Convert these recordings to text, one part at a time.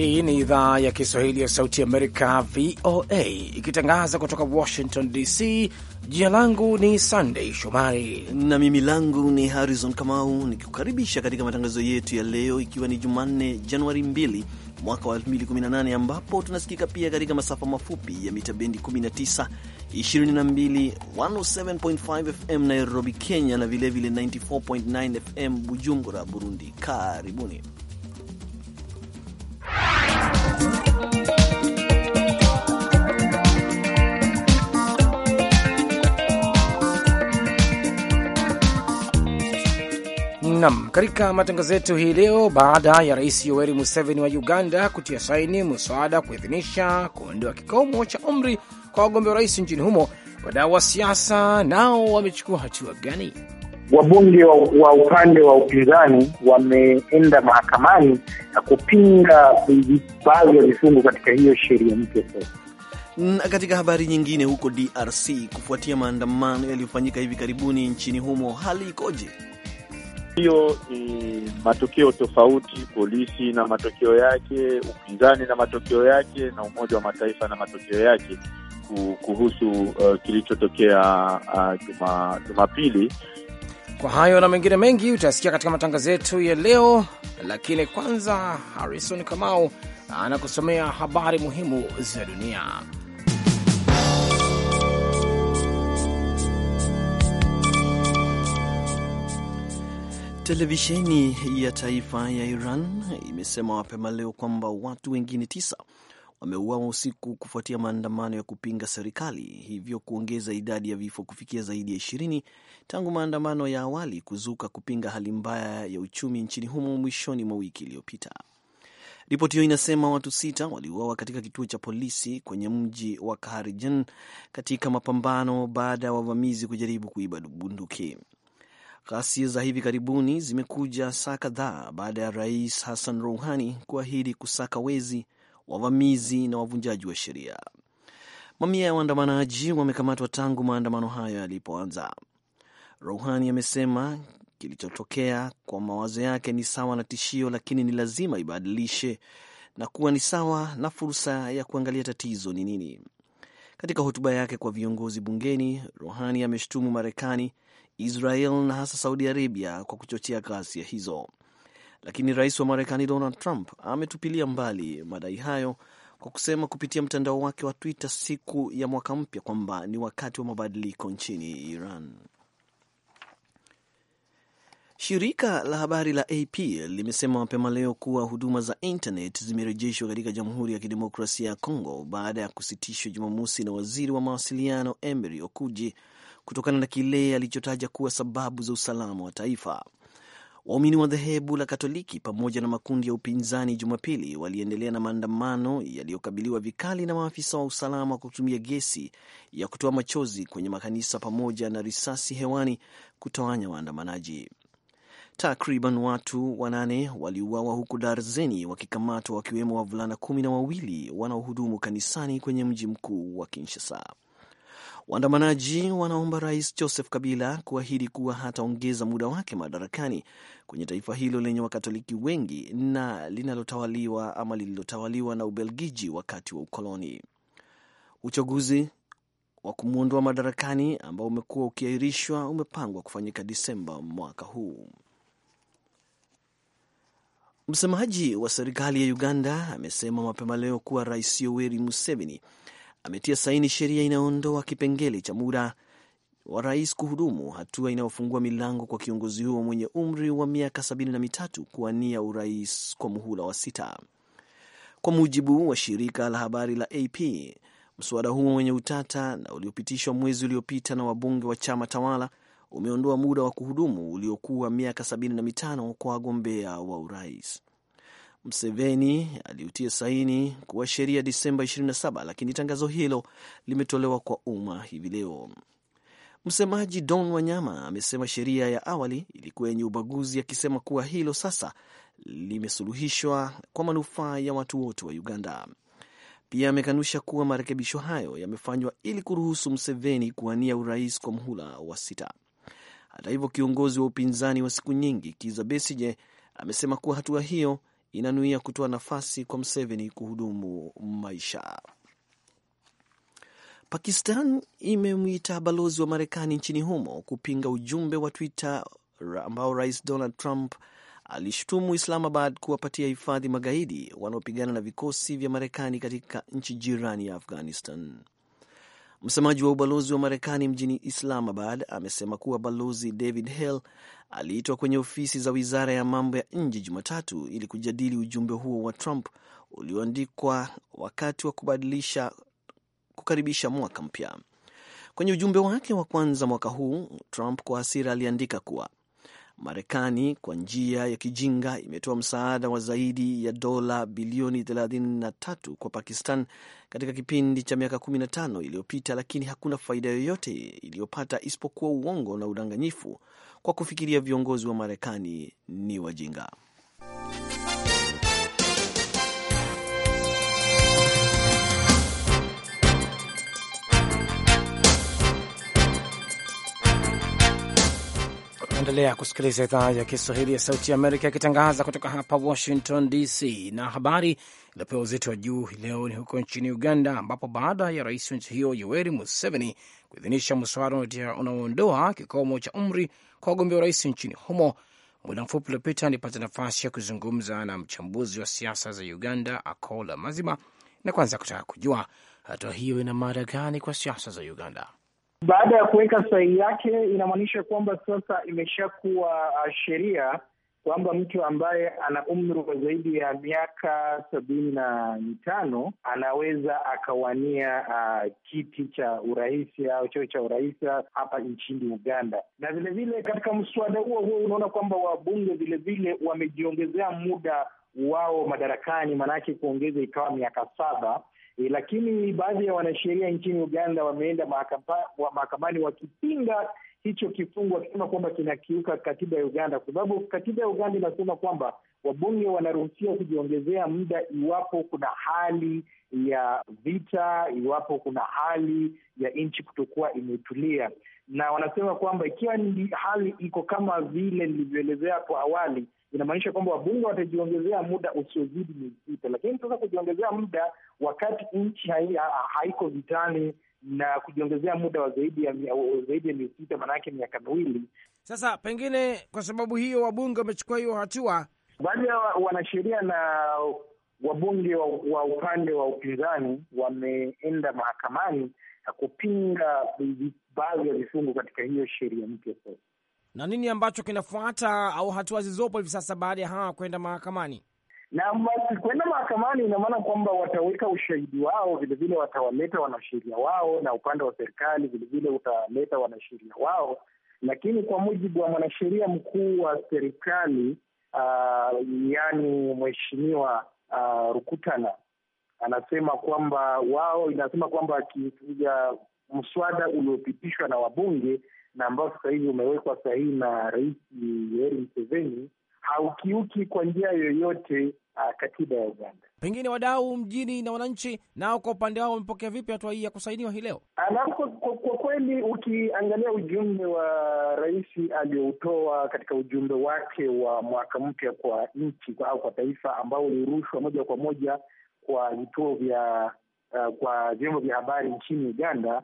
Hii ni idhaa ya Kiswahili ya Sauti Amerika, VOA, ikitangaza kutoka Washington DC. Jina langu ni Sandey Shomari na mimi langu ni Harrison Kamau, nikikukaribisha katika matangazo yetu ya leo, ikiwa ni Jumanne Januari 2 mwaka wa 2018 ambapo tunasikika pia katika masafa mafupi ya mita bendi 19, 22, 107.5 FM Nairobi, Kenya, na vilevile 94.9 FM Bujumbura, Burundi. Karibuni. Nam, katika matangazo yetu hii leo, baada ya Rais Yoweri Museveni wa Uganda kutia saini muswada kuidhinisha kuondoa kikomo cha umri kwa wagombea wa rais nchini humo, wadau wa siasa nao wamechukua hatua gani? wabunge wa, wa upande wa upinzani wameenda mahakamani na kupinga baadhi ya vifungu katika hiyo sheria mpya. Sasa na katika habari nyingine, huko DRC kufuatia maandamano yaliyofanyika hivi karibuni nchini humo, hali ikoje? Hiyo ni matokeo tofauti, polisi na matokeo yake, upinzani na matokeo yake, na Umoja wa Mataifa na matokeo yake kuhusu uh, kilichotokea uh, Jumapili kwa hayo na mengine mengi utayasikia katika matangazo yetu ya leo, lakini kwanza Harrison Kamau anakusomea habari muhimu za dunia. Televisheni ya taifa ya Iran imesema mapema leo kwamba watu wengine tisa wameuawa usiku kufuatia maandamano ya kupinga serikali, hivyo kuongeza idadi ya vifo kufikia zaidi ya ishirini tangu maandamano ya awali kuzuka kupinga hali mbaya ya uchumi nchini humo mwishoni mwa wiki iliyopita. Ripoti hiyo inasema watu sita waliuawa katika kituo cha polisi kwenye mji wa Kahrajan katika mapambano baada ya wavamizi kujaribu kuiba bunduki. Ghasia za hivi karibuni zimekuja saa kadhaa baada ya rais Hassan Rouhani kuahidi kusaka wezi wavamizi na wavunjaji wa sheria. Mamia ya waandamanaji wamekamatwa tangu maandamano hayo yalipoanza. Rouhani amesema kilichotokea kwa mawazo yake ni sawa na tishio, lakini ni lazima ibadilishe na kuwa ni sawa na fursa ya kuangalia tatizo ni nini. Katika hotuba yake kwa viongozi bungeni, Rouhani ameshtumu Marekani, Israel na hasa Saudi Arabia kwa kuchochea ghasia hizo lakini rais wa Marekani Donald Trump ametupilia mbali madai hayo kwa kusema kupitia mtandao wake wa Twitter siku ya mwaka mpya kwamba ni wakati wa mabadiliko nchini Iran. Shirika la habari la AP limesema mapema leo kuwa huduma za internet zimerejeshwa katika Jamhuri ya Kidemokrasia ya Kongo baada ya kusitishwa Jumamosi na waziri wa mawasiliano Emery Okuji kutokana na kile alichotaja kuwa sababu za usalama wa taifa. Waumini wa dhehebu la Katoliki pamoja na makundi ya upinzani Jumapili waliendelea na maandamano yaliyokabiliwa vikali na maafisa wa usalama kwa kutumia gesi ya kutoa machozi kwenye makanisa pamoja na risasi hewani kutawanya waandamanaji. Takriban watu wanane waliuawa huku darzeni wakikamatwa wakiwemo wavulana kumi na wawili wanaohudumu kanisani kwenye mji mkuu wa Kinshasa. Waandamanaji wanaomba rais Joseph Kabila kuahidi kuwa hataongeza muda wake madarakani kwenye taifa hilo lenye Wakatoliki wengi na linalotawaliwa ama lililotawaliwa na Ubelgiji wakati wa ukoloni. Uchaguzi wa kumwondoa madarakani ambao umekuwa ukiahirishwa umepangwa kufanyika Disemba mwaka huu. Msemaji wa serikali ya Uganda amesema mapema leo kuwa Rais Yoweri Museveni ametia saini sheria inayoondoa kipengele cha muda wa rais kuhudumu, hatua inayofungua milango kwa kiongozi huo mwenye umri wa miaka sabini na mitatu kuwania urais kwa muhula wa sita, kwa mujibu wa shirika la habari la AP. Mswada huo wenye utata na uliopitishwa mwezi uliopita na wabunge wa chama tawala umeondoa muda wa kuhudumu uliokuwa miaka sabini na mitano kwa wagombea wa urais. Mseveni aliutia saini kuwa sheria Disemba 27, lakini tangazo hilo limetolewa kwa umma hivi leo. Msemaji Don Wanyama amesema sheria ya awali ilikuwa yenye ubaguzi, akisema kuwa hilo sasa limesuluhishwa kwa manufaa ya watu wote wa Uganda. Pia amekanusha kuwa marekebisho hayo yamefanywa ili kuruhusu Mseveni kuwania urais kwa mhula wa sita. Hata hivyo, kiongozi wa upinzani wa siku nyingi Kiza Besije amesema kuwa hatua hiyo inanuia kutoa nafasi kwa mseveni kuhudumu maisha. Pakistan imemwita balozi wa Marekani nchini humo kupinga ujumbe wa Twitter ambao Rais Donald Trump alishutumu Islamabad kuwapatia hifadhi magaidi wanaopigana na vikosi vya Marekani katika nchi jirani ya Afghanistan. Msemaji wa ubalozi wa Marekani mjini Islamabad amesema kuwa Balozi David Hale aliitwa kwenye ofisi za wizara ya mambo ya nje Jumatatu ili kujadili ujumbe huo wa Trump ulioandikwa wakati wa kubadilisha kukaribisha mwaka mpya. Kwenye ujumbe wake wa kwanza mwaka huu, Trump kwa hasira aliandika kuwa Marekani kwa njia ya kijinga imetoa msaada wa zaidi ya dola bilioni 33 kwa Pakistan katika kipindi cha miaka 15 iliyopita, lakini hakuna faida yoyote iliyopata isipokuwa uongo na udanganyifu kwa kufikiria viongozi wa Marekani ni wajinga. Unaendelea kusikiliza idhaa ya Kiswahili ya Sauti ya Amerika ikitangaza kutoka hapa Washington DC. Na habari iliopewa uzito wa juu leo ni huko nchini Uganda, ambapo baada ya rais wa nchi hiyo Yoweri Museveni kuidhinisha mswada unaoondoa kikomo cha umri kwa wagombea wa rais nchini humo, muda mfupi uliopita nipata nafasi ya kuzungumza na mchambuzi wa siasa za Uganda, Akola Mazima, na kwanza kutaka kujua hatua hiyo ina maana gani kwa siasa za Uganda. Baada ya kuweka sahihi yake, inamaanisha kwamba sasa imeshakuwa uh, sheria kwamba mtu ambaye ana umri wa zaidi ya miaka sabini na mitano anaweza akawania uh, kiti cha urais au cheo cha urais hapa nchini Uganda. Na vilevile katika mswada huo huo unaona kwamba wabunge vilevile wamejiongezea muda wao madarakani, maanake kuongeza ikawa miaka saba E, lakini baadhi ya wanasheria nchini Uganda wameenda mahakamani wakipinga hicho kifungu wakisema kwamba kinakiuka katiba ya Uganda, kwa sababu katiba ya Uganda inasema kwamba wabunge wanaruhusiwa kujiongezea muda iwapo kuna hali ya vita, iwapo kuna hali ya nchi kutokuwa imetulia, na wanasema kwamba ikiwa hali iko kama vile nilivyoelezea hapo awali, inamaanisha kwamba wabunge watajiongezea muda usiozidi miezi sita. Lakini sasa kujiongezea muda wakati nchi haiko vitani na kujiongezea muda wa zaidi ya miezi sita, maanayake miaka miwili. Sasa pengine kwa sababu hiyo wabunge wamechukua hiyo hatua, baadhi ya wanasheria na wabunge wa, wa upande wa upinzani wameenda mahakamani na kupinga baadhi ya vifungu katika hiyo sheria mpya sasa na nini ambacho kinafuata au hatua zilizopo hivi sasa baada ya hawa kwenda mahakamani? Na kwenda mahakamani ina maana kwamba wataweka ushahidi wao, vilevile watawaleta wanasheria wao, na upande wa serikali vilevile utawaleta wanasheria wao. Lakini kwa mujibu wa mwanasheria mkuu wa serikali uh, ah, yani mheshimiwa uh, Rukutana anasema kwamba wao, inasema kwamba mswada uliopitishwa na wabunge na ambao sasa hivi umewekwa sahihi na Rais Yoweri Museveni haukiuki kwa njia yoyote a, ah, katiba ya Uganda. Pengine wadau mjini na wananchi nao kwa upande wao wamepokea vipi hatua hii ya kusainiwa hii leo? kwa, kwa, kwa kweli ukiangalia ujumbe wa rais aliyoutoa katika ujumbe wake wa mwaka mpya kwa nchi au kwa taifa ambao ulirushwa moja kwa moja kwa vituo vya uh, kwa vyombo vya habari nchini Uganda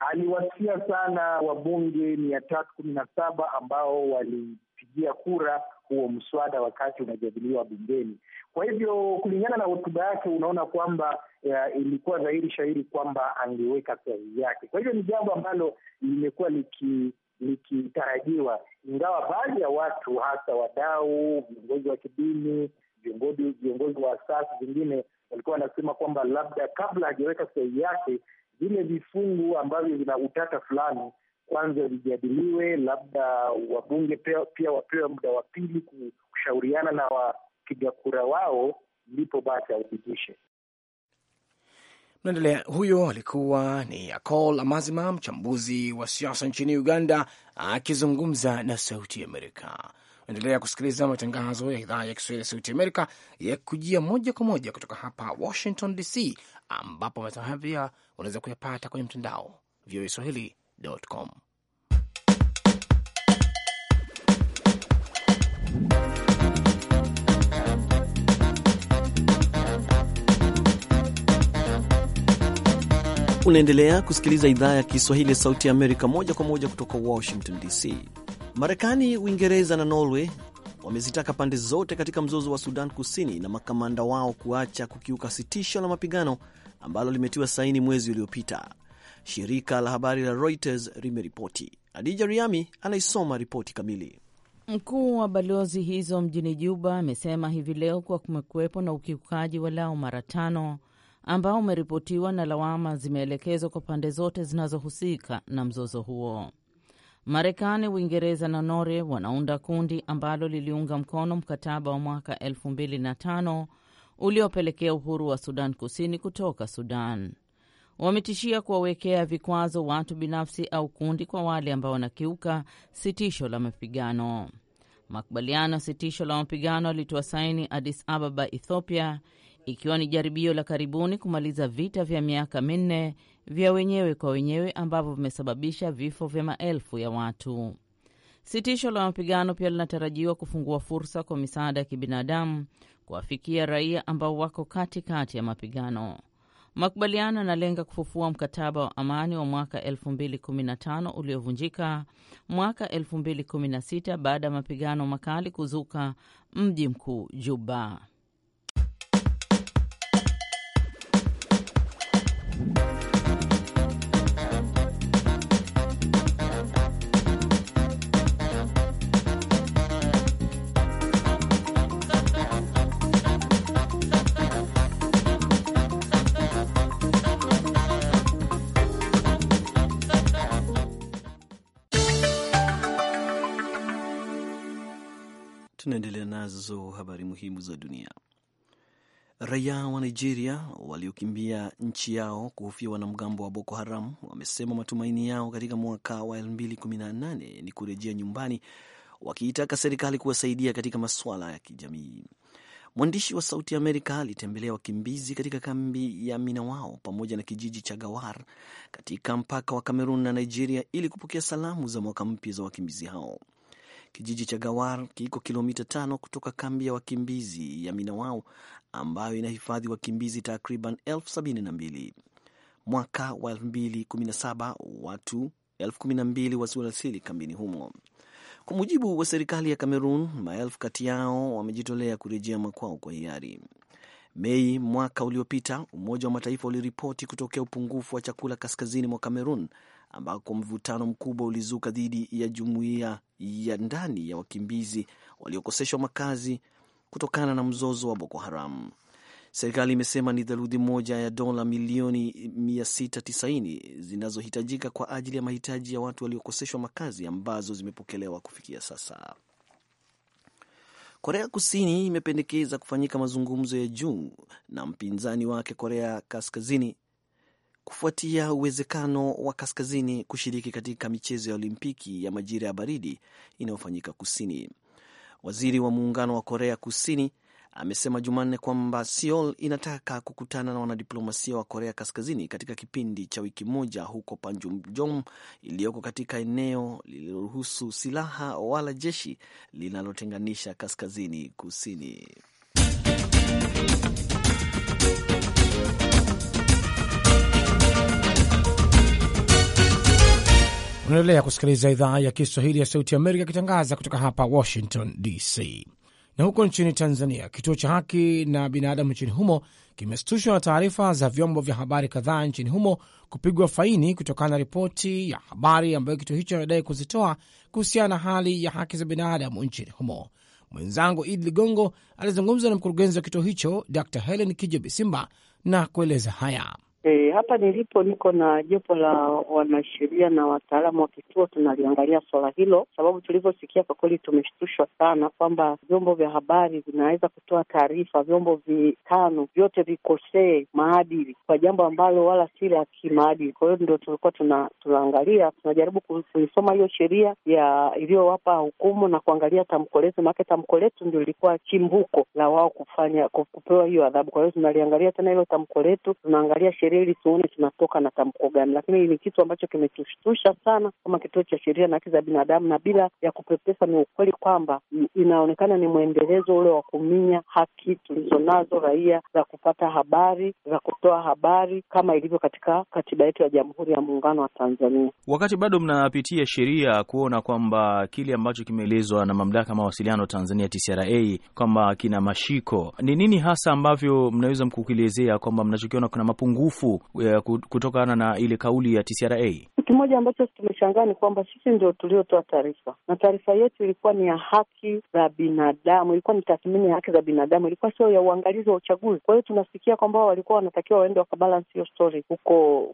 aliwasia sana wabunge mia tatu kumi na saba ambao walipigia kura huo mswada wakati unajadiliwa bungeni. Kwa hivyo kulingana na hotuba yake, unaona kwamba ya, eh, ilikuwa dhahiri shahiri kwamba angeweka sahihi yake. Kwa hivyo ni jambo ambalo limekuwa liki likitarajiwa ingawa baadhi ya watu hasa wadau, viongozi wa kidini, viongozi viongozi wa asasi zingine walikuwa wanasema kwamba labda kabla hajaweka sahihi yake vile vifungu ambavyo vina utata fulani kwanza vijadiliwe, labda wabunge pia, pia wapewe muda wa pili kushauriana na wapiga kura wao, ndipo basi aupitishe. Naendelea. Huyo alikuwa ni Akol Amazima, mchambuzi wa siasa nchini Uganda, akizungumza na Sauti Amerika. Endelea kusikiliza matangazo ya idhaa ya Kiswahili ya Sauti Amerika yakikujia moja kwa moja kutoka hapa Washington DC, ambapo matangazo haya pia unaweza kuyapata kwenye mtandao VOA Swahili.com. Unaendelea kusikiliza idhaa ya Kiswahili ya Sauti ya Amerika moja kwa moja kutoka Washington DC. Marekani, Uingereza na Norway wamezitaka pande zote katika mzozo wa Sudan Kusini na makamanda wao kuacha kukiuka sitisho la mapigano ambalo limetiwa saini mwezi uliopita, shirika la habari la Reuters limeripoti. Adija Riami anaisoma ripoti kamili. Mkuu wa balozi hizo mjini Juba amesema hivi leo kuwa kumekuwepo na ukiukaji walao mara tano ambao umeripotiwa na lawama zimeelekezwa kwa pande zote zinazohusika na mzozo huo. Marekani, Uingereza na Norwe wanaunda kundi ambalo liliunga mkono mkataba wa mwaka 2005 uliopelekea uhuru wa Sudan Kusini kutoka Sudan. Wametishia kuwawekea vikwazo watu binafsi au kundi kwa wale ambao wanakiuka sitisho la mapigano. Makubaliano ya sitisho la mapigano alitoa saini Addis Ababa, Ethiopia, ikiwa ni jaribio la karibuni kumaliza vita vya miaka minne vya wenyewe kwa wenyewe ambavyo vimesababisha vifo vya maelfu ya watu. Sitisho la mapigano pia linatarajiwa kufungua fursa kwa misaada ya kibinadamu kuwafikia raia ambao wako katikati kati ya mapigano. Makubaliano yanalenga kufufua mkataba wa amani wa mwaka 2015 uliovunjika mwaka 2016 baada ya mapigano makali kuzuka mji mkuu Juba. nazo habari muhimu za dunia. Raia wa Nigeria waliokimbia nchi yao kuhofia wanamgambo wa Boko Haram wamesema matumaini yao katika mwaka wa 2018 ni kurejea nyumbani, wakiitaka serikali kuwasaidia katika masuala ya kijamii. Mwandishi wa Sauti ya Amerika alitembelea wakimbizi katika kambi ya Minawao pamoja na kijiji cha Gawar katika mpaka wa Kamerun na Nigeria ili kupokea salamu za mwaka mpya za wakimbizi hao. Kijiji cha Gawar kiko kilomita tano kutoka kambi ya wakimbizi ya Minawao ambayo inahifadhi wakimbizi takriban elfu sabini na mbili. Mwaka wa 2017 watu elfu kumi na mbili wasiwasili kambini humo. Kwa mujibu wa serikali ya Kamerun, maelfu kati yao wamejitolea kurejea makwao kwa hiari. Mei mwaka uliopita, Umoja wa Mataifa uliripoti kutokea upungufu wa chakula kaskazini mwa Kamerun ambako mvutano mkubwa ulizuka dhidi ya jumuiya ya ndani ya wakimbizi waliokoseshwa makazi kutokana na mzozo wa Boko Haram. Serikali imesema ni theluthi moja ya dola milioni 690 zinazohitajika kwa ajili ya mahitaji ya watu waliokoseshwa makazi ambazo zimepokelewa kufikia sasa. Korea Kusini imependekeza kufanyika mazungumzo ya juu na mpinzani wake Korea Kaskazini kufuatia uwezekano wa kaskazini kushiriki katika michezo ya Olimpiki ya majira ya baridi inayofanyika kusini. Waziri wa muungano wa Korea Kusini amesema Jumanne kwamba Seoul inataka kukutana na wanadiplomasia wa Korea Kaskazini katika kipindi cha wiki moja huko Panmunjom iliyoko katika eneo lililoruhusu silaha wala jeshi linalotenganisha kaskazini kusini. Unaendelea kusikiliza idhaa ya Kiswahili ya Sauti Amerika ikitangaza kutoka hapa Washington DC. Na huko nchini Tanzania, kituo cha haki na binadamu nchini humo kimeshtushwa na taarifa za vyombo vya habari kadhaa nchini humo kupigwa faini kutokana na ripoti ya habari ambayo kituo hicho anadai kuzitoa kuhusiana na hali ya haki za binadamu nchini humo. Mwenzangu Idi Ligongo alizungumza na mkurugenzi wa kituo hicho Dr Helen Kijo Bisimba na kueleza haya. E, hapa nilipo niko na jopo la wanasheria na wataalamu wa kituo, tunaliangalia swala hilo, sababu tulivyosikia kwa kweli tumeshtushwa sana kwamba vyombo vya habari vinaweza kutoa taarifa, vyombo vitano vyote vikosee maadili kwa jambo ambalo wala si la kimaadili. Kwa hiyo ndio tulikuwa tuna, tunaangalia tunajaribu kuisoma hiyo sheria ya iliyowapa hukumu na kuangalia tamko letu, maanake tamko letu ndio lilikuwa chimbuko la wao kufanya kupewa hiyo adhabu. Kwa hiyo tunaliangalia tena hilo tamko letu, tunaangalia sheria sheria ili tuone tunatoka na tamko gani, lakini ni kitu ambacho kimetushtusha sana kama kituo cha sheria na haki za binadamu, na bila ya kupepesa, ni ukweli kwamba inaonekana ni mwendelezo ule wa kuminya haki tulizonazo raia za kupata habari, za kutoa habari kama ilivyo katika katiba yetu ya Jamhuri ya Muungano wa Tanzania. Wakati bado mnapitia sheria kuona kwamba kile ambacho kimeelezwa na Mamlaka ya Mawasiliano Tanzania TCRA kwamba kina mashiko, ni nini hasa ambavyo mnaweza mkukielezea kwamba mnachokiona kuna mapungufu mapungufu eh, kutokana na ile kauli ya TCRA? Kitu kimoja ambacho tumeshangaa ni kwamba sisi ndio tuliotoa taarifa na taarifa yetu ilikuwa ni ya haki za binadamu, ilikuwa ni tathmini ya haki za binadamu, ilikuwa sio ya uangalizi wa uchaguzi. Kwa hiyo tunasikia kwamba walikuwa wanatakiwa waende wakabalance hiyo story huko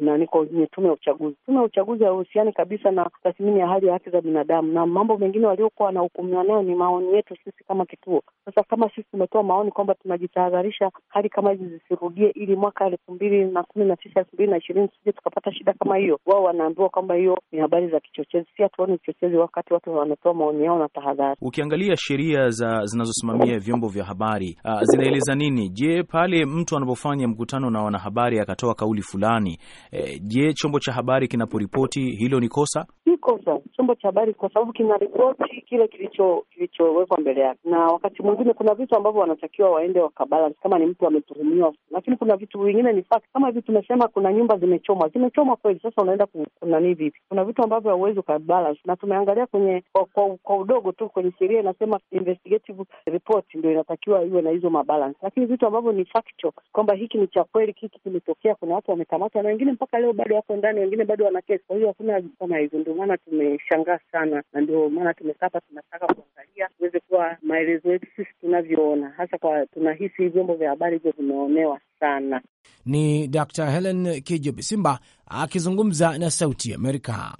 nani kwenye tume ya uchaguzi. Tume ya uchaguzi hauhusiani kabisa na tathmini ya hali ya haki za binadamu, na mambo mengine waliokuwa wanahukumiwa nayo ni maoni yetu sisi kama kituo. Sasa kama sisi tumetoa maoni kwamba tunajitahadharisha hali kama hizi zisirudie, ili mwaka elfu mbili mbili na kumi na tisa elfu mbili na ishirini tusije tukapata shida kama hiyo. Wao wanaambiwa kwamba hiyo ni habari za kichochezi. Si hatuoni uchochezi wakati watu wanatoa maoni yao na tahadhari. Ukiangalia sheria za zinazosimamia vyombo vya habari uh, zinaeleza nini? Je, pale mtu anapofanya mkutano na wanahabari akatoa kauli fulani, eh, je, chombo cha habari kinaporipoti hilo ni kosa? Si kosa chombo cha habari, kwa sababu ripoti kile kilicho kilichowekwa mbele yake, na wakati mwingine kuna vitu ambavyo wanatakiwa waende wakabalance, kama ni mtu ametuhumiwa, lakini kuna vitu vingine ni kama hivi tumesema kuna nyumba zimechomwa, zimechomwa kweli. Sasa unaenda kunanii vipi? Kuna vitu ambavyo hauwezi ukabalance, na tumeangalia kwenye kwa, kwa, kwa udogo tu kwenye sheria inasema investigative report ndio inatakiwa iwe na hizo mabalance, lakini vitu ambavyo ni factual kwamba hiki ni cha kweli, hiki kimetokea, kuna watu wamekamatwa na wengine mpaka leo bado wako ndani, wengine bado wana kesi. Kwa hiyo hakuna kama hivyo ndio maana tumeshangaa sana, na ndio maana tumekapa tunataka pia uweze kuwa maelezo yetu sisi tunavyoona, hasa kwa tunahisi vyombo vya habari hivyo vimeonewa sana. Ni Dr. Helen Kijo Bisimba akizungumza na Sauti ya Amerika.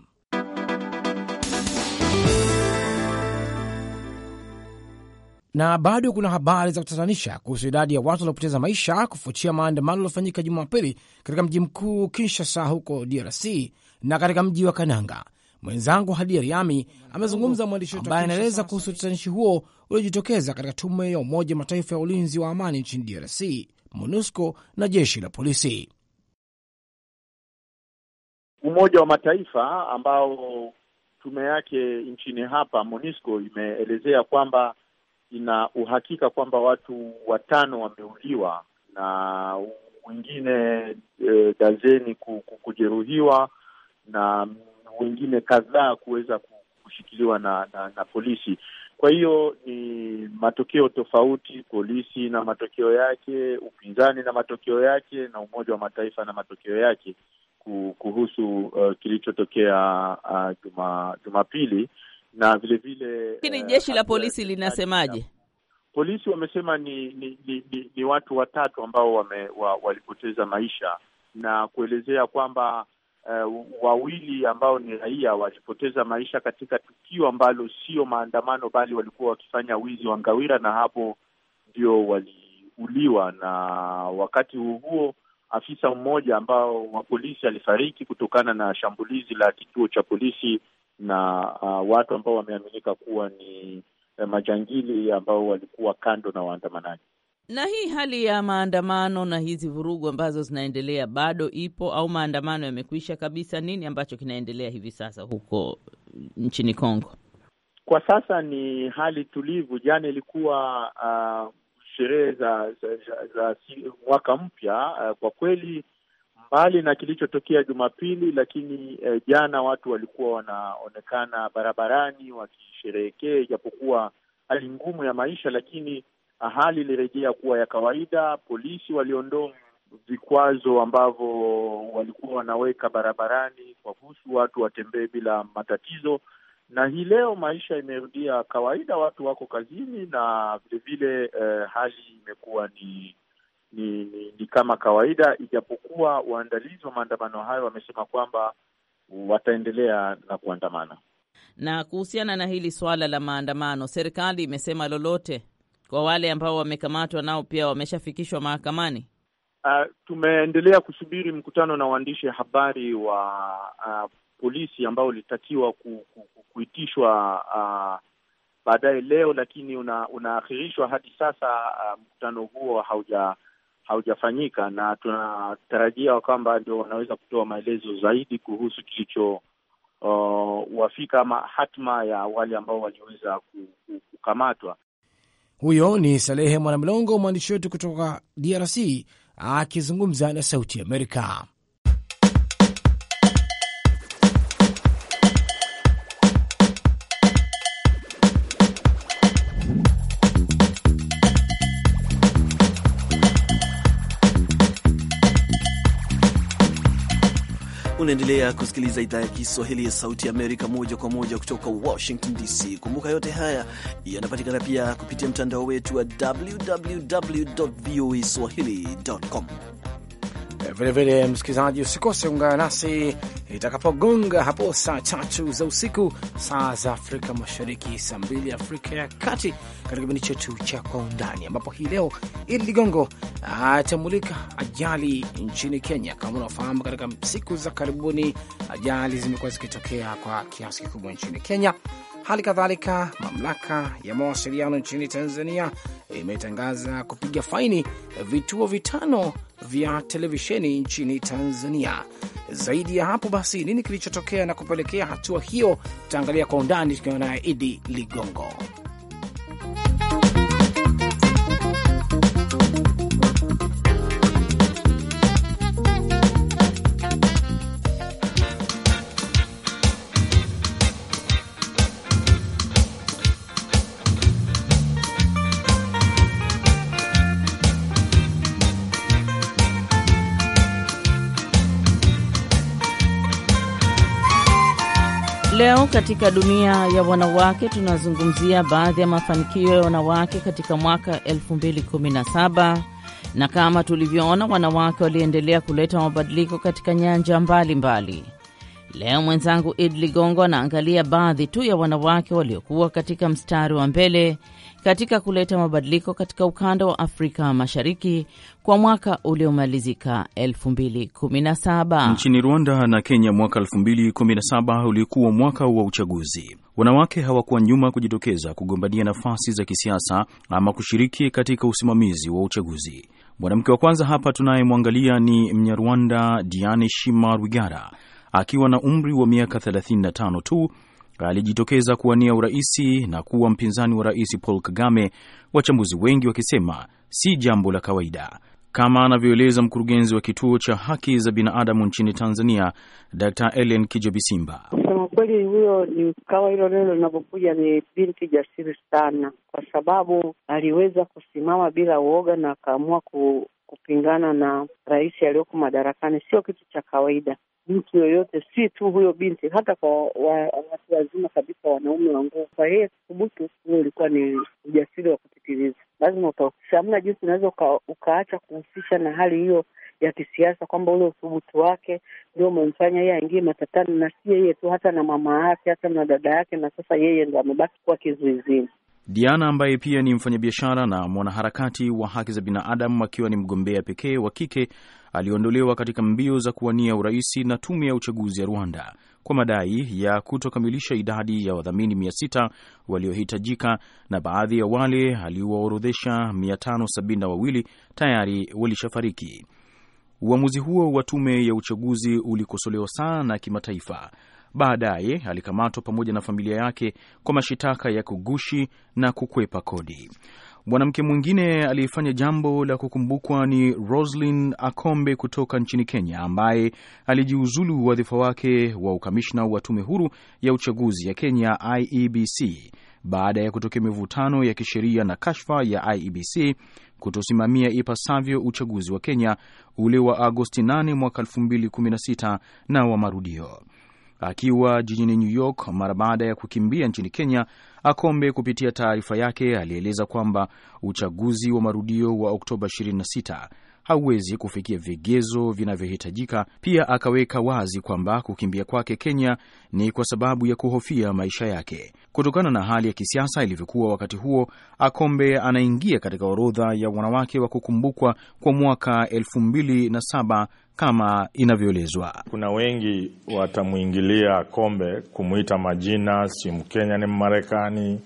Na bado kuna habari za kutatanisha kuhusu idadi ya watu waliopoteza maisha kufuatia maandamano yaliyofanyika Jumapili katika mji mkuu Kinshasa huko DRC na katika mji wa Kananga Mwenzangu Hadia Riami amezungumza mwandishi wetu ambaye anaeleza kuhusu utatanishi huo uliojitokeza katika tume ya Umoja Mataifa ya ulinzi wa amani nchini DRC, MONUSCO na jeshi la polisi. Umoja wa Mataifa ambao tume yake nchini hapa MONUSCO imeelezea kwamba ina uhakika kwamba watu watano wameuliwa na wengine e, dazeni kujeruhiwa na wengine kadhaa kuweza kushikiliwa na, na, na polisi. Kwa hiyo ni matokeo tofauti, polisi na matokeo yake, upinzani na matokeo yake, na Umoja wa Mataifa na matokeo yake kuhusu uh, kilichotokea uh, Jumapili na vilevile lakini vile, uh, jeshi uh, la polisi linasemaje? Polisi wamesema ni ni, ni, ni ni watu watatu ambao wame, wa, walipoteza maisha na kuelezea kwamba uh, wawili ambao ni raia walipoteza maisha katika tukio ambalo sio maandamano, bali walikuwa wakifanya wizi wa ngawira, na hapo ndio waliuliwa. Na wakati huo huo afisa mmoja ambao wa polisi alifariki kutokana na shambulizi la kituo cha polisi na uh, watu ambao wameaminika kuwa ni eh, majangili ambao walikuwa kando na waandamanaji. Na hii hali ya maandamano na hizi vurugu ambazo zinaendelea bado ipo au maandamano yamekwisha kabisa? Nini ambacho kinaendelea hivi sasa huko nchini Kongo? Kwa sasa ni hali tulivu. Jana ilikuwa uh, sherehe za, za, za, za mwaka mpya uh, kwa kweli mbali na kilichotokea Jumapili, lakini uh, jana watu walikuwa wanaonekana barabarani wakisherehekea, ijapokuwa hali ngumu ya maisha, lakini hali ilirejea kuwa ya kawaida. Polisi waliondoa vikwazo ambavyo walikuwa wanaweka barabarani kwa kuhusu watu watembee bila matatizo, na hii leo maisha imerudia kawaida, watu wako kazini na vilevile eh, hali imekuwa ni ni, ni ni kama kawaida, ijapokuwa waandalizi wa maandamano hayo wamesema kwamba wataendelea na kuandamana. Na kuhusiana na hili swala la maandamano, serikali imesema lolote? Kwa wale ambao wamekamatwa nao pia wameshafikishwa mahakamani. Uh, tumeendelea kusubiri mkutano na waandishi habari wa uh, polisi ambao ulitakiwa ku, ku, ku, kuitishwa uh, baadaye leo, lakini una, hadi sasa. Uh, mkutano huo hauja haujafanyika na tunatarajia kwamba ndio wanaweza kutoa maelezo zaidi kuhusu kilicho uh, wafika ama hatima ya wale ambao waliweza kukamatwa. Huyo ni Salehe Mwanamlongo, mwandishi wetu kutoka DRC akizungumza na Sauti Amerika. Unaendelea kusikiliza idhaa ya Kiswahili ya Sauti ya Amerika moja kwa moja kutoka Washington DC. Kumbuka yote haya yanapatikana pia kupitia mtandao wetu wa www voa swahili com. Vilevile eh, msikilizaji, usikose ungana nasi itakapogonga hapo saa tatu za usiku, saa za Afrika Mashariki, saa mbili Afrika ya Kati, katika kipindi chetu cha Kwa Undani, ambapo hii leo Idi Ligongo atamulika ajali nchini Kenya. Kama unaofahamu, katika siku za karibuni ajali zimekuwa zikitokea kwa kiasi kikubwa nchini Kenya Hali kadhalika mamlaka ya mawasiliano nchini Tanzania imetangaza kupiga faini vituo vitano vya televisheni nchini Tanzania. Zaidi ya hapo basi, nini kilichotokea na kupelekea hatua hiyo? Tutaangalia kwa undani tukiwa naye Idi Ligongo. leo katika dunia ya wanawake tunazungumzia baadhi ya mafanikio ya wanawake katika mwaka 2017 na kama tulivyoona, wanawake waliendelea kuleta mabadiliko katika nyanja mbalimbali mbali. Leo mwenzangu id Ligongo anaangalia baadhi tu ya wanawake waliokuwa katika mstari wa mbele katika kuleta mabadiliko katika ukanda wa Afrika Mashariki kwa mwaka uliomalizika 2017. Nchini Rwanda na Kenya mwaka 2017 ulikuwa mwaka wa uchaguzi. Wanawake hawakuwa nyuma kujitokeza kugombania nafasi za kisiasa ama kushiriki katika usimamizi wa uchaguzi. Mwanamke wa kwanza hapa tunayemwangalia ni Mnyarwanda Diane Shima Rwigara akiwa na umri wa miaka 35 tu alijitokeza kuwania uraisi na kuwa mpinzani wa rais Paul Kagame, wachambuzi wengi wakisema si jambo la kawaida, kama anavyoeleza mkurugenzi wa kituo cha haki za binadamu nchini Tanzania, Dr. Ellen Kijobisimba. Kusema kweli, huyo ni kawa, hilo neno linavyokuja, ni binti jasiri sana, kwa sababu aliweza kusimama bila uoga na akaamua ku kupingana na rais aliyoko madarakani sio kitu cha kawaida mtu yoyote, si tu huyo binti, hata kwa watu wazima kabisa, wanaume wa nguvu. Kwa yeye kuthubutu, huo ulikuwa ni ujasiri wa kupitiliza. Lazima utahusisha, hamna jinsi unaweza uka, ukaacha kuhusisha na hali hiyo ya kisiasa, kwamba ule uthubutu wake ndio umemfanya yeye aingie matatani, na si yeye tu, hata na mama yake, hata na dada yake, na sasa yeye ndo amebaki kuwa kizuizini. Diana ambaye pia ni mfanyabiashara na mwanaharakati wa haki za binadamu akiwa ni mgombea pekee wa kike aliondolewa katika mbio za kuwania uraisi na tume ya uchaguzi ya Rwanda kwa madai ya kutokamilisha idadi ya wadhamini 600 waliohitajika na baadhi ya wale aliowaorodhesha 572 tayari walishafariki. Uamuzi huo wa tume ya uchaguzi ulikosolewa sana kimataifa Baadaye alikamatwa pamoja na familia yake kwa mashitaka ya kugushi na kukwepa kodi. Mwanamke mwingine aliyefanya jambo la kukumbukwa ni Roslyn Akombe kutoka nchini Kenya, ambaye alijiuzulu wadhifa wake wa ukamishna wa tume huru ya uchaguzi ya Kenya, IEBC, baada ya kutokea mivutano ya kisheria na kashfa ya IEBC kutosimamia ipasavyo uchaguzi wa Kenya ule wa Agosti 8 mwaka 2016 na wa marudio akiwa jijini New York mara baada ya kukimbia nchini Kenya. Akombe kupitia taarifa yake alieleza kwamba uchaguzi wa marudio wa Oktoba 26 hauwezi kufikia vigezo vinavyohitajika. Pia akaweka wazi kwamba kukimbia kwake Kenya ni kwa sababu ya kuhofia maisha yake kutokana na hali ya kisiasa ilivyokuwa wakati huo. Akombe anaingia katika orodha ya wanawake wa kukumbukwa kwa mwaka elfu mbili na saba kama inavyoelezwa. Kuna wengi watamwingilia Akombe kumwita majina, si Mkenya, ni Mmarekani,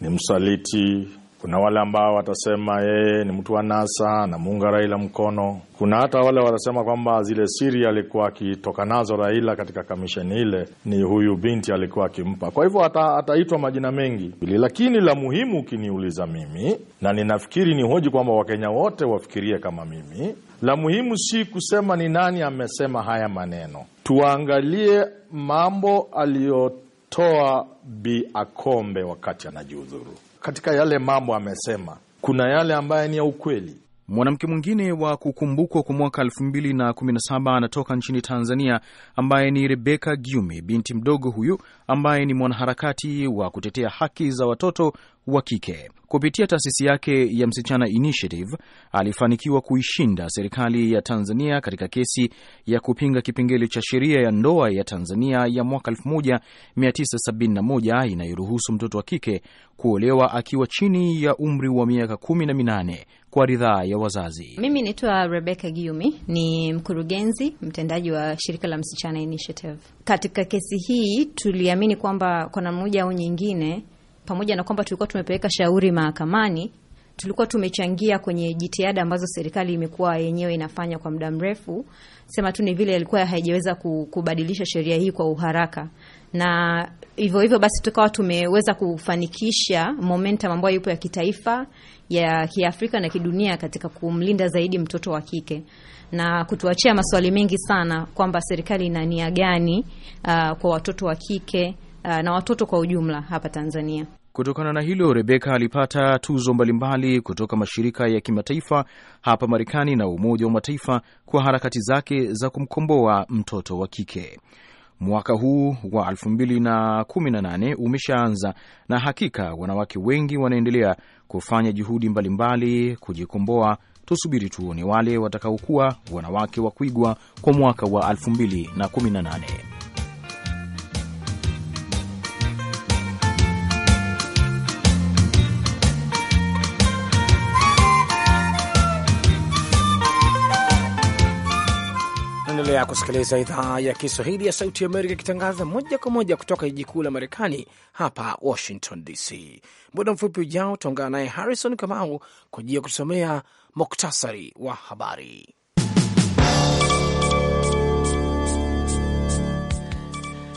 ni msaliti kuna wale ambao watasema yeye ni mtu wa NASA na muunga Raila mkono. Kuna hata wale watasema kwamba zile siri alikuwa akitoka nazo Raila katika kamisheni ile ni huyu binti alikuwa akimpa. Kwa hivyo ataitwa majina mengi, lakini la muhimu ukiniuliza mimi, na ninafikiri ni hoji kwamba Wakenya wote wafikirie kama mimi, la muhimu si kusema ni nani amesema haya maneno. Tuangalie mambo aliyotoa Bi Akombe wakati anajiudhuru katika yale mambo amesema, kuna yale ambaye ni ya ukweli. Mwanamke mwingine wa kukumbukwa kwa mwaka 2017 anatoka nchini Tanzania, ambaye ni Rebeka Gyumi, binti mdogo huyu ambaye ni mwanaharakati wa kutetea haki za watoto wa kike. Kupitia taasisi yake ya Msichana Initiative alifanikiwa kuishinda serikali ya Tanzania katika kesi ya kupinga kipengele cha sheria ya ndoa ya Tanzania ya mwaka 1971 inayoruhusu mtoto wa kike kuolewa akiwa chini ya umri wa miaka kumi na minane kwa ridhaa ya wazazi. Mimi naitwa Rebecca Giumi, ni mkurugenzi mtendaji wa shirika la Msichana Initiative. Katika kesi hii tuliamini kwamba kwa namna moja au nyingine pamoja na kwamba tulikuwa tumepeleka shauri mahakamani, tulikuwa tumechangia kwenye jitihada ambazo serikali imekuwa yenyewe inafanya kwa muda mrefu. Sema tu ni vile ilikuwa haijaweza kubadilisha sheria hii kwa uharaka, na hivyo hivyo basi tukawa tumeweza kufanikisha momentum ambayo ipo ya kitaifa, ya kiafrika na kidunia katika kumlinda zaidi mtoto wa kike na kutuachia maswali mengi sana kwamba serikali ina nia gani, uh, kwa watoto wa kike Uh, na watoto kwa ujumla hapa Tanzania. Kutokana na hilo, Rebeka alipata tuzo mbalimbali kutoka mashirika ya kimataifa hapa Marekani na Umoja wa Mataifa kwa harakati zake za kumkomboa mtoto wa kike. Mwaka huu wa 2018 umeshaanza na hakika wanawake wengi wanaendelea kufanya juhudi mbalimbali kujikomboa. Tusubiri tuone wale watakaokuwa wanawake wa kuigwa kwa mwaka wa 2018. Unaendelea kusikiliza idhaa ya Kiswahili ya Sauti ya Amerika ikitangaza moja kwa moja kutoka jiji kuu la Marekani, hapa Washington DC. Muda mfupi ujao utaungana naye Harrison Kamau kwa ajili ya kusomea muktasari wa habari.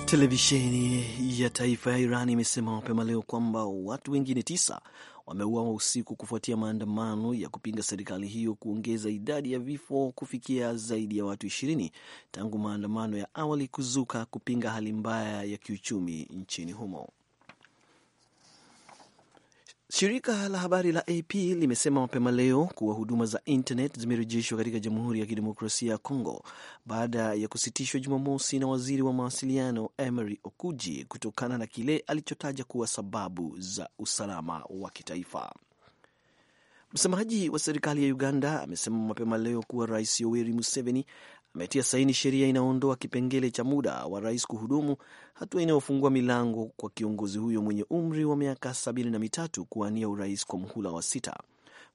Televisheni ya taifa ya Iran imesema mapema leo kwamba watu wengine tisa wameuawa usiku kufuatia maandamano ya kupinga serikali hiyo kuongeza idadi ya vifo kufikia zaidi ya watu ishirini tangu maandamano ya awali kuzuka kupinga hali mbaya ya kiuchumi nchini humo. Shirika la habari la AP limesema mapema leo kuwa huduma za internet zimerejeshwa katika Jamhuri ya Kidemokrasia ya Kongo baada ya kusitishwa Jumamosi na waziri wa mawasiliano Emery Okuji kutokana na kile alichotaja kuwa sababu za usalama wa kitaifa. Msemaji wa serikali ya Uganda amesema mapema leo kuwa Rais Yoweri Museveni ametia saini sheria inaondoa kipengele cha muda wa rais kuhudumu, hatua inayofungua milango kwa kiongozi huyo mwenye umri wa miaka sabini na mitatu kuwania urais kwa mhula wa sita.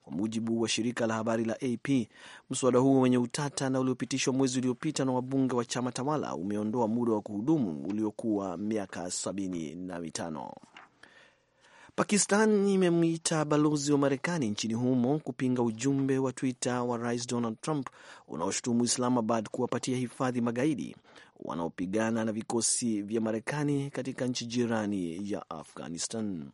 Kwa mujibu wa shirika la habari la AP, mswada huo wenye utata na uliopitishwa mwezi uliopita na wabunge wa chama tawala umeondoa muda wa kuhudumu uliokuwa miaka sabini na mitano. Pakistan imemwita balozi wa Marekani nchini humo kupinga ujumbe wa Twitter wa Rais Donald Trump unaoshutumu Islamabad kuwapatia hifadhi magaidi wanaopigana na vikosi vya Marekani katika nchi jirani ya Afghanistan.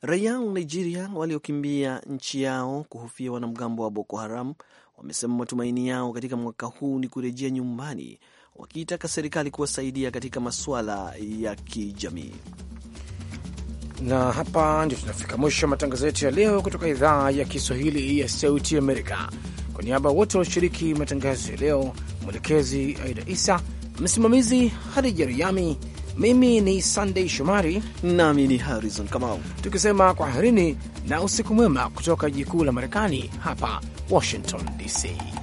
Raia wa Nigeria waliokimbia nchi yao kuhofia wanamgambo wa Boko Haram wamesema matumaini yao katika mwaka huu ni kurejea nyumbani, wakiitaka serikali kuwasaidia katika masuala ya kijamii na hapa ndio tunafika mwisho wa matangazo yetu ya leo kutoka idhaa ya Kiswahili ya Sauti Amerika. Kwa niaba ya wote walioshiriki matangazo ya leo, mwelekezi Aida Isa, msimamizi Hadija Riami, mimi ni Sandei Shomari nami ni Harrison Kamau, tukisema kwaherini na usiku mwema kutoka jikuu la Marekani, hapa Washington DC.